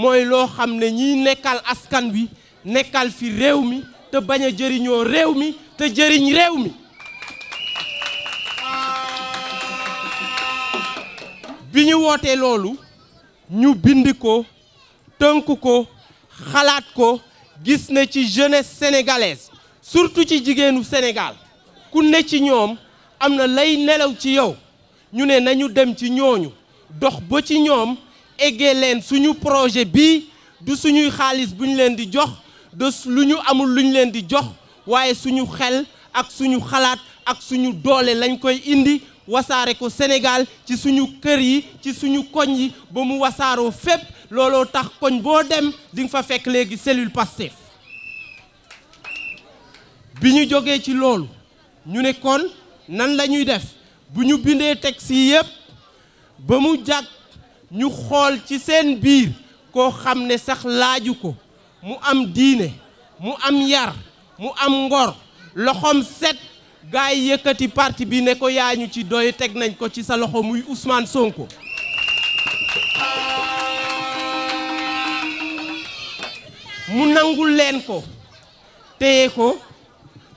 mooy loo xam ne ñiy nekkal askan wi nekkal fi réew mi te bañ a jëriñoo réew mi te jëriñ réew mi bi ñu wootee loolu ñu bind ko tënk ko xalaat ko gis ne ci jeunesse sénégalaise surtout ci jigéenu Sénégal ku ne ci ñoom am na lay nelaw ci yow ñu ne nañu dem ci ñooñu dox ba ci ñoom eggee leen suñu projet bi du suñuy xaliss buñ leen di jox de luñu amul luñ leen di jox waye suñu xel ak suñu xalat ak suñu doole lañ koy indi ko Sénégal ci suñu kër yi ci suñu koñ yi mu tax koñ dem di nga fekk cellule ci kon nan def ñu xool ci seen biir koo xam ne sax laaju ko mu am diine mu am yar mu am ngor loxoom set gaay yi yëkkati parti bi ne ko yaa ñu ci doy teg nañ ko ci sa loxo muy Ousmane Sonko mu nangu leen ko téye ko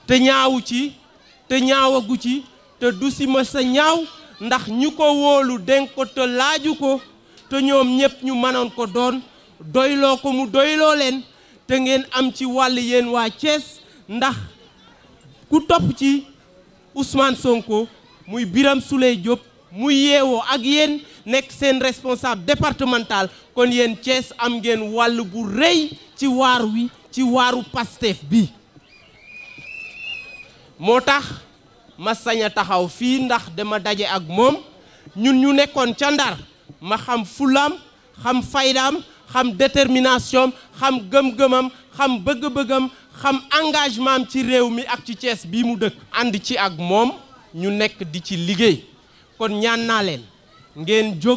te ñaawu ci te ñaawagu ci te du si ma sa ñaaw ndax ñu ko woolu dénk ko te laaju ko te ñoom ñëpp ñu mënoon ko doon doyloo ko mu doyloo leen te ngeen am ci wàll yéen waa Thiès ndax ku topp ci usmaan Sonko muy Birame Souleye Diop mu yeewoo ak yéen nekk seen responsable départemental kon yéen Thiès am ngeen wàll bu rëy ci waar wi ci waaru Pastef bi moo tax ma sañ a taxaw fii ndax dama daje ak moom ñun ñu nekkoon ca Ndar ma xam fulam, xam faydam xam détermination xam gëm-gëmam xam bëgg-bëggam xam engagement ci réew mi ak ci Thiès bi mu dëkk and ci ak mom ñu nekk di ci liggéey kon ñaan naa leen ngeen wa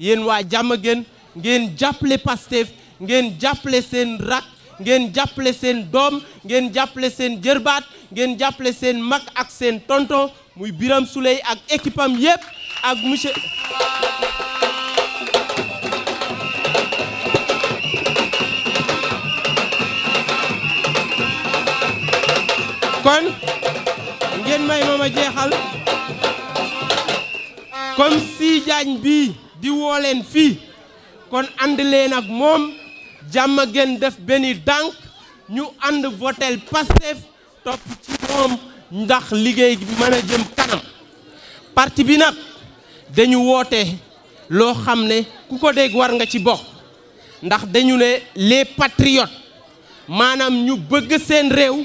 yéen waa jàmm ngeen ngeen jàppale Pastef ngeen jàppale sen rak ngeen jàppale sen dom, ngeen jàppale sen jërbaat ngeen jàppale sen mak ak sen tonton muy biram Souleye ak équipe am yépp ak monsieur kon ngeen may ma ma jeexal comme si jaañ bii di woo leen fii kon ànd leen ak moom jàmm gen def benn dànk ñu ànd votel Pastef topp ci moom ndax liggéey bi mën a jëm kanam parti bi nag dañu woote loo xam ne ku ko dégg war nga ci bokk ndax dañu ne les patriotes maanaam ñu bëgg seen réew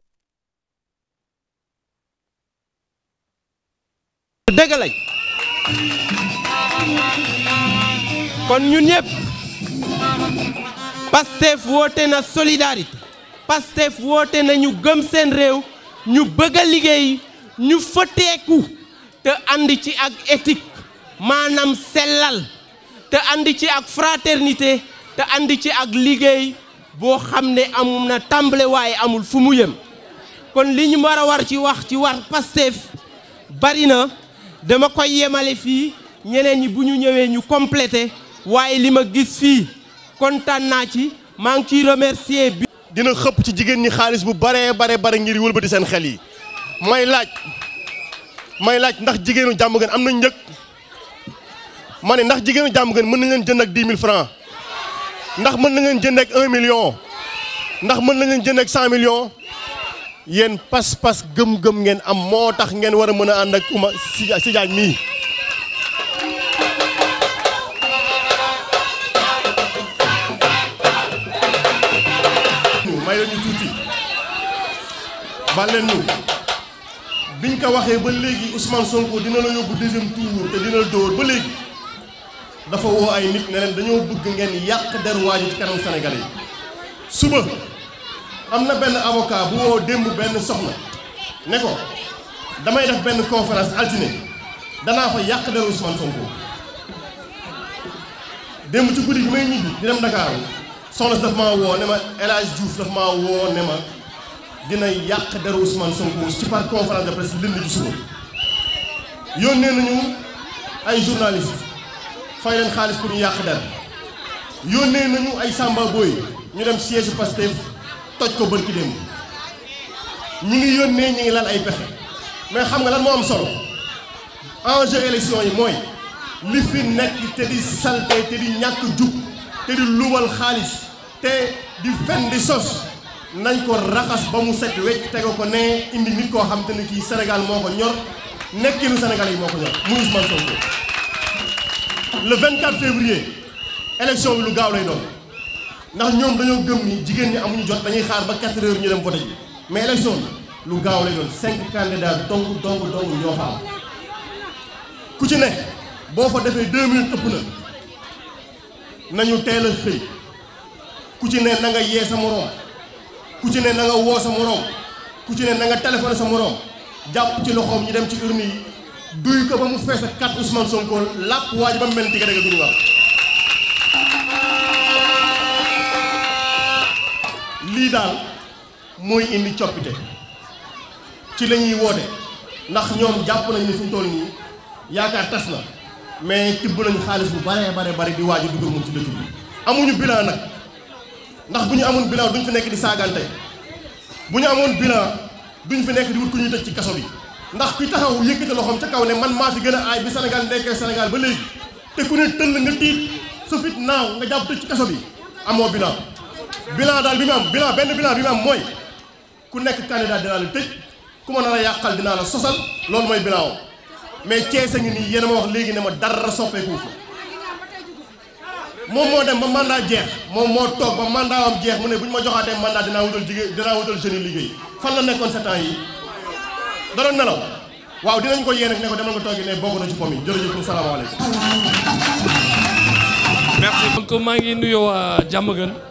ku lañ kon ñun ñëpp Pastef woote na solidarité Pastef woote na ñu gëm seen réew ñu bëgg liggéey ñu fëteeku te ànd ci ak éthique maanaam sellal te ànd ci ak fraternité te ànd ci ak liggéey boo xam ne am na tàmbalewaay amul fu mu yem kon li ñu war a war ci wax ci war Pastef bari na dama koy yemale fii ñeneen ñi bu ñu ñëwee ñu complété waaye li ma gis fii kontaan naa ci maa ngi ciy remercier bi dina xëpp ci jigéen ñi xaalis bu baree bare bare ngir wëlbati seen xel yi may laaj may laaj ndax jigéenu jàmm gën am na njëg ma ne ndax jigéenu jàmm gën mën na leen jënd ak 10 mille francs ndax mën na ngeen jënd ak 1 ndax mën na ngeen jënd ak 100 millions yéen pas-pas gëm-gëm ngeen am moo tax ngeen war a mën a ànd ak Ouma Sy Diagne mii may la ñu tuuti bàlleen ñu biñ ko waxee ba léegi Ousmane Sonko dina la yóbbu deuxième tour te dina la dóor ba léegi dafa woo ay nit ne leen dañoo bëgg ngeen yàq der waaju ci kanam Sénégalais yi suba am na benn avocat bu woo démb benn soxna ne ko damay def benn conférence altine danaa fa yàq der Ousmane Sonko démb ci guddi gi may ñibbi di dem Dakar soxna si daf maa woo ne ma El Hadj Diouf daf maa woo ne ma dina yàq der Ousmane Sonko ci par conférence de presse lënd ji yónnee nañu ay journalistes fay leen xaalis pour ñu yàq der yónnee nañu ay Samba Boy ñu dem siège Pastef toj ko bërki démb ñi ngi yónnee ñu ngi lan ay pexe mais xam nga lan moo am solo enjeu élection yi mooy li fi nekk te di salte te di ñàkk jub te di luwal xaalis te di fen di sos nañ ko raxas ba mu set wecc tege ko nee indi nit koo xam te ni kii Sénégal moo ko ñor nekkinu Sénégal yi moo ko ñor muy Ousmane Sonko le 24 février élection bi lu gaaw lay doon ndax ñoom dañoo gëm ni jigéen ñi amuñu jot dañuy xaar ba 4 heures ñu dem voté ji mais élection bi lu gaaw lay doon 5 candidats dong dong dong ñoo fa am ku ci nekk boo fa defee 2 minutes ëpp na nañu teel a xëy ku ci ne na nga yee sa moroom ku ci ne na nga woo sa moroom ku ci ne na nga téléphoné sa moroom jàpp ci loxoom ñu dem ci urne yi duy ko ba mu fees ak 4 Ousmane Sonko làpp waaj ba mu mel ni diggante ak wax. lii daal mooy indi coppite ci lañuy ñuy woote ndax ñoom jàpp nañ ne fi nii yaakaar tas na mais tibb nañu xaalis bu bare bare bari bi waaj a dugal moom ci dëkk bi. amuñu bilan nag ndax bu ñu amoon bilan duñ fi nekk di saagante bu ñu amoon bilan duñ fi nekk di wut ku ñuy tëj ci kaso bi ndax kuy taxawul yëkkati loxoom ca kaw ne man maa fi gën a aay bi Sénégal nekkee senegal ba léegi te ku ne tëll nga tiit su fit naaw nga jàpp tëj ci kaso bi amoo bilan. bilan daal bi mu am bilan benn bilan bi mu am mooy ku nekk candidat dinaa la tëj ku ma nar a yàqal dinaa la sosal loolu mooy bilan woo mais Thiès a ngi nii yéen ma wax léegi ne ma dara soppeeku fa moom moo dem ba mandat jeex moom moo toog ba mandat am jeex mu ne bu ñu ma joxaatee mandat dinaa wutal jigéen dinaa wutal jeunes liggéey fan la nekkoon sept ans yi da nelaw waaw dinañ ko yéen ak ne ko demal nga toog ne bokk na ci pom yi jërëjëf pour salaamaaleykum. merci beaucoup maa ngi nuyoo waa Diamaguène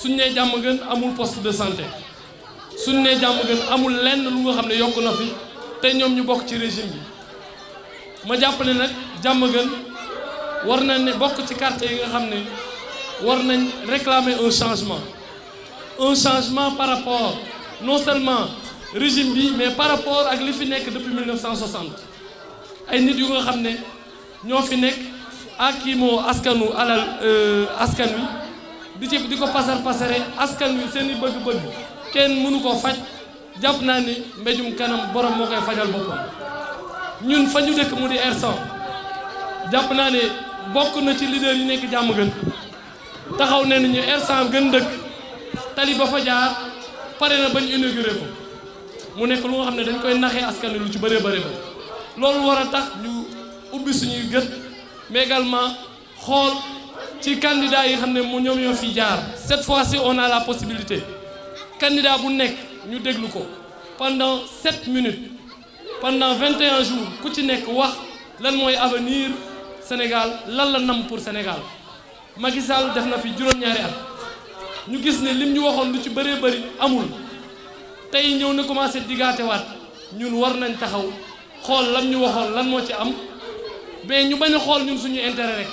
suñ nee gën amul poste de santé suñ nee gën amul lenn lu nga xam yokku na fi té ñom ñu bok ci régime bi ma japp ne nak jàmm gën war na ne ci quartier yi nga xam war nañ réclamer un changement un changement par rapport non seulement régime bi mais par rapport ak li fi nekk depuis 1960 ay nit yu nga xam ne ñoo fi nekk akimo askanu alal euh, askan wi di ci di ko pasar pasare askan wi seen i bëgg-bëgg kenn mënu koo faj jàpp naa ne mbéjum kanam borom moo koy fajal boppam ñun fa ñu dëkk mu di R100 jàpp naa ne bokk na ci leader yi nekk jàmm gën taxaw ne nañu R100 gën dëkk tali ba fa pare na bañ inauguré ko mu nekk lu nga xam ne dañ koy naxee askan wi lu ci bëree bëri ba loolu war a tax ñu ubbi suñuy gët mais xool ci candidat yi cette fois-ci on a la possibilité candidat bu ñu pendant 7 minutes pendant 21 jours ku ci nek wax Sénégal lan la nam pour Sénégal Macky def na fi ñaari at ñu gis lim ñu ci amul commencé wat ñun war nañ taxaw xol le ñu lan ci am mais ñu bañ xol ñun suñu intérêt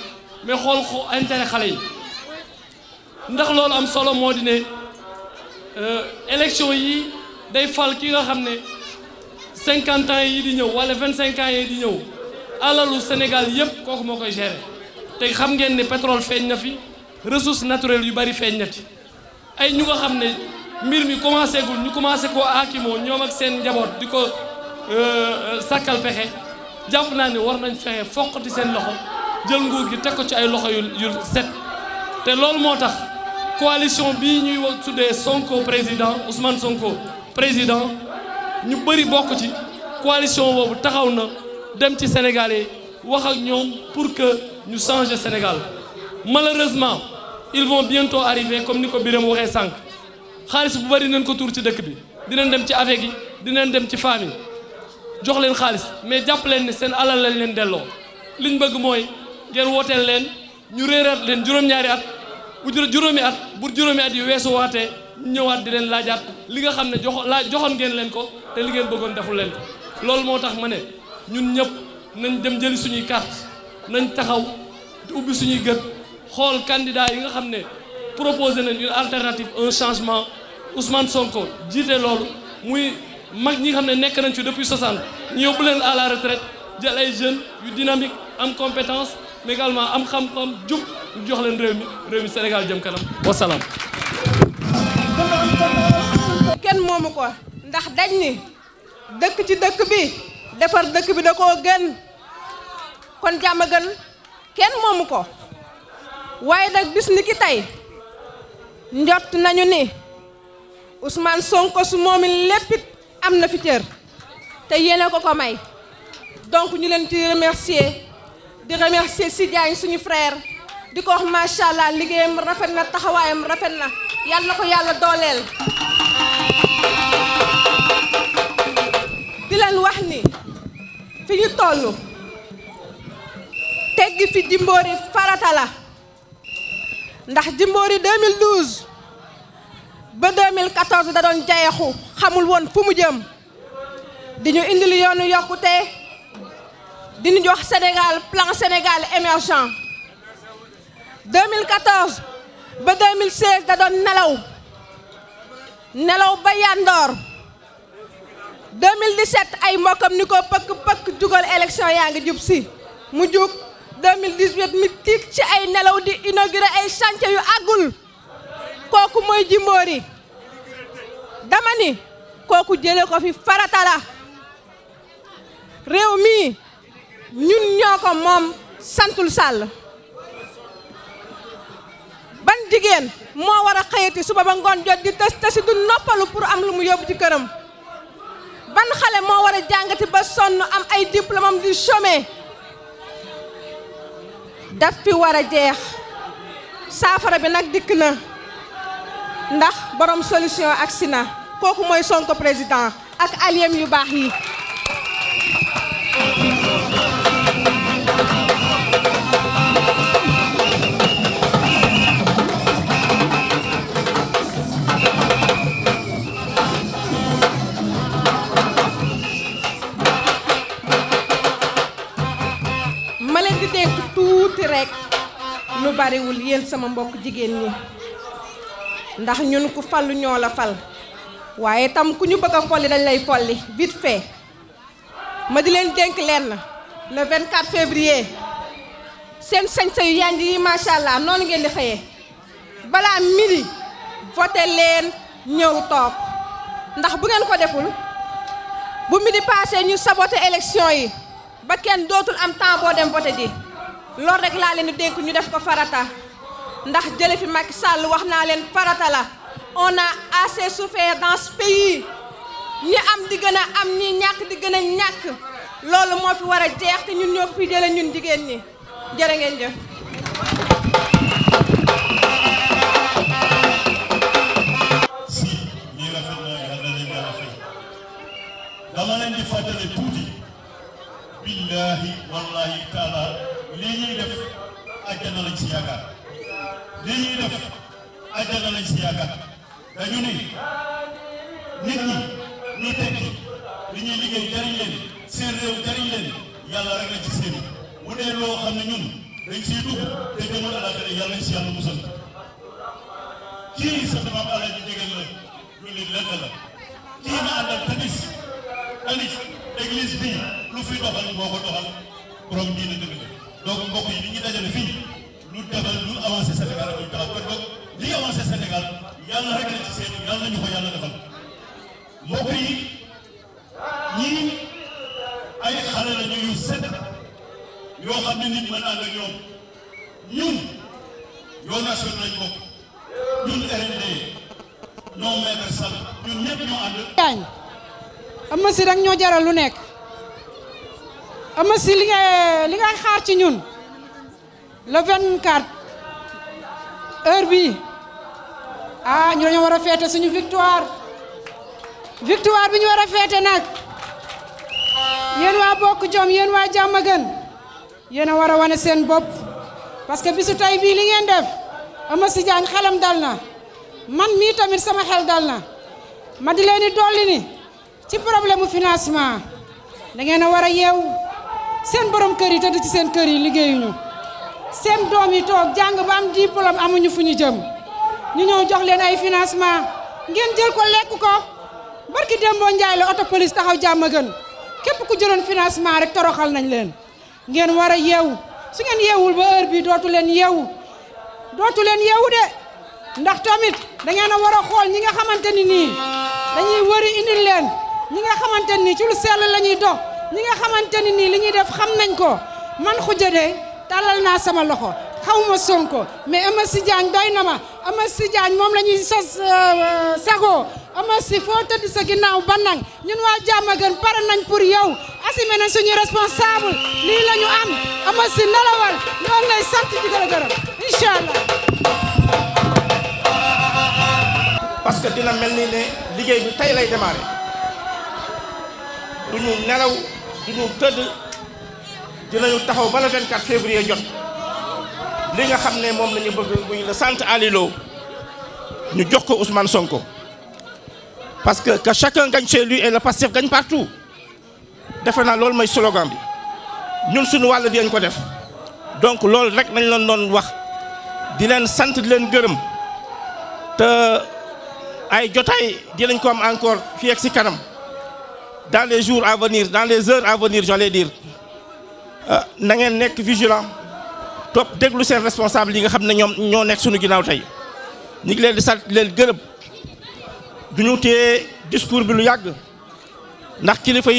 mais xool xo intérêt xale yi ndax loolu am solo moo di ne élection yi day fal ki nga xam ne cinquante ans yi di ñëw wala vingt cinq ans yi di ñëw alalu Sénégal yépp kooku moo koy gérer te xam ngeen ne pétrole feeñ na fi ressources naturelles yu bari feeñ na ci ay ñu nga xam ne mbir mi commencé gul ñu commencé koo aakimoo ñoom ak seen njaboot di ko sàkkal pexe jàpp naa ne war nañ fexe foqati seen loxo jël nguur gi teg ko ci ay loxo yu yu set te loolu moo tax coalition bii ñuy wax tuddee Sonko président Ousmane Sonko président ñu bëri bokk ci coalition boobu taxaw na dem ci Sénégalais wax ak ñoom pour que ñu changer Sénégal malheureusement ils vont bientôt arriver comme ni ko biram waxee sànq xaalis bu bëri nañ ko tuur ci dëkk bi dinañ dem ci avec yi dinañ dem ci famille jox leen xaalis mais jàpp leen ne seen alal lañ leen delloo liñ bëgg mooy. ngeen wooteel leen ñu réeraat leen juróom-ñaari at bu juróomi at bu juróomi at yu weesu waatee ñëwaat di leen laajaat li nga xam ne joxo laa joxoon ngeen leen ko te li ngeen bëggoon deful leen loolu moo tax ma ne ñun ñëpp nañ dem jëli suñuy carte nañ taxaw ubbi suñuy gët xool candidat yi nga xam ne proposé nañ une alternative un changement Ousmane Sonko jiite loolu muy mag ñii xam ne nekk nañ ci depuis 60 ñu yóbbu leen à la retraite jël ay jeunes yu dynamique am compétence mais également am xam-xam jub jox len réew mi mi Sénégal jëm kanam wa salam ken ko ndax dañ ni dëkk ci dëkk bi defar dëkk bi dako koo gën kon jàmm gën kenn moomu ko waaye bis ni ki njott nañu ni Ousmane Sonko su moomi lepit am fi teer te yene ko ko may donc ñu len ci remercier di remercier sidiane suñu frère di ko wax macha allah liggéeyam rafet na taxawayam rafet na yalla ko yalla dolel di leen wax ni fi ñu toll teggi fi dimbori farata la ndax dimbori 2012 ba 2014 da doon jayaxu xamul won fu mu jëm di ñu li yoonu yokkute. dinu Sénégal plan Sénégal émergent 2014 ba 2016 da doon nelaw nelaw ba yandoor 2017 ay a élection mu 2018 mi ci ay di inauguré ay chantier yu àggul kooku mooy Djimbory dama ni ko fi qui a mi ñun ñoo ko moom santul sàll ban jigéen moo war a xëyati suba ba ngoon jot di tës tësi du noppalu pour am lu mu yóbbu ci këram ban xale moo war a jàngati ba sonn am ay diplôme am di some daf war a jeex saafara bi nag dikk na ndax borom solution ak sina kooku mooy Sonko président ak alliés yu baax yi yaakaarewul yéen sama mbokk jigéen ñi ndax ñun ku fallu ñoo la fal waaye tam ku ñu bëgg a folli dañ lay folli vite fait ma di leen dénk leen le 24 février seen sañsa yu yanj yi macha allah noonu ngeen di xëyee balaa mili voté leen ñëw toog ndax bu ngeen ko deful bu midi passé ñu saboté élection yi ba kenn dootul am temps boo dem voté ji loolu rek laa leen di dénk ñu def ko farata ndax jële fi Macky Sall wax naa leen farata la on a assez souffert dans ce pays ñi am di gën a am ñi ñàkk di gën a ñàkk loolu moo fi war a jeex te ñun ñoo fi jële ñun jigéen ñi jërë ngeen jëf billaahi wallaahi taala lii ñuy def àjjana lañ si yaakaar lii ñuy def àjjana lañ si yaakaar dañu ni nit ñi ñu tekki li liggéey jariñ leen seen réew jariñ leen yàlla rek la ci seen bu dee loo xam ne ñun dañ siy dugg te jëmul àllaaxira yàlla ñu si musal kii sa maam Alaaji Jegéen la lu nit lenn la kii ma àndal tanis tanis église bi lu fi doxal boo ko doxal borom diine dëgg la donc mbokk yi li ñu dajale fii lu defal lu avancé Sénégal ak lu taxaw kon donc li avancé Sénégal yàlla rek la ci seen yàlla nañu ko yàlla defal mbokk yi ñii ay xale la set yoo xam ne nit mën ànd ak ñoom ñun yoon nation nañ bokk ñun RND non maître Sall ñun ñëpp ñoo ànd. Eumeu Sène rek ñoo jaral lu nekk Eumeu li ngay li ngay xaar ci ñun le 24 heure bii ah ñu dañoo war a feete suñu victoire victoire bi ñu war a féete nag yéen waa bokk jom yéen waa Jàmmagan yéen a war a wane seen bopp parce que bisu tey bii li ngeen def Eumeu Sène Diagne dal na man mii tamit sama xel dal na ma di ci problème mu financement da ngeen a war a yeewu seen borom kër yi tëdd ci seen kër yi liggéeyuñu seen doom yi toog jàng ba am diplôme amuñu fu ñu jëm ñu ñëw jox leen ay financement ngeen jël ko lekk ko barki Dembo Njaay la auto police taxaw jàmm gën képp ku jëloon financement rek toroxal nañ leen ngeen war a yeewu su ngeen yeewul ba heure bi dootu leen yeewu dootu leen yeewu de ndax tamit da ngeen a war a xool ñi nga xamante ni dañuy wëri indil leen ñi nga xamanteni ni ci lu sel lañuy dox ñi nga xamanteni ni li ñuy def xam nañ ko man xuja de talal na sama loxo xawma sonko mais ama si doy doyna ma ama si moom mom lañuy sos euh, euh, sago Amasy foo tëdd sa ginnaaw banang ñun wa jàmm gën par nañ pour yow na suñu responsable li lañu am am si nalawal ñoo lay sant ci ko gërëm inshallah parce que dina mel ne liggéey bi tay lay démarrer du nelaw taxaw 24 février jot li nga bëgg le centre alilo ñu jox Ousmane Sonko parce que chacun gagne chez lui et le passé gagne partout nous na lool may slogan bi ñun suñu di ko donc lool rek nañ le doon wax di leen sante di te ay ko am encore fi ak dans les jours à venir dans les heures à venir j'allais dire euh, na ngeen vigilants. Dès que vous êtes responsable nous ne sommes sommes discours de lu Nous ndax kilifa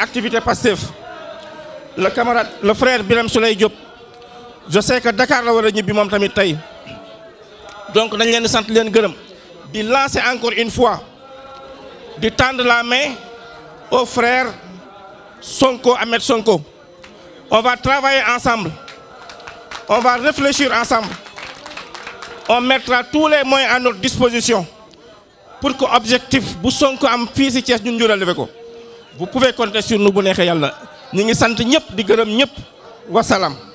activité le camarade le frère Biram Soleil, je sais que Dakar la donc nous leen di encore une fois de tendre la main aux frères Sonko, Ahmed Sonko. On va travailler ensemble. On va réfléchir ensemble. On mettra tous les moyens à notre disposition pour que l'objectif bu Sonko am une ci vous pouvez compter sur nous Nous sommes tous sommes ngi qui nous ont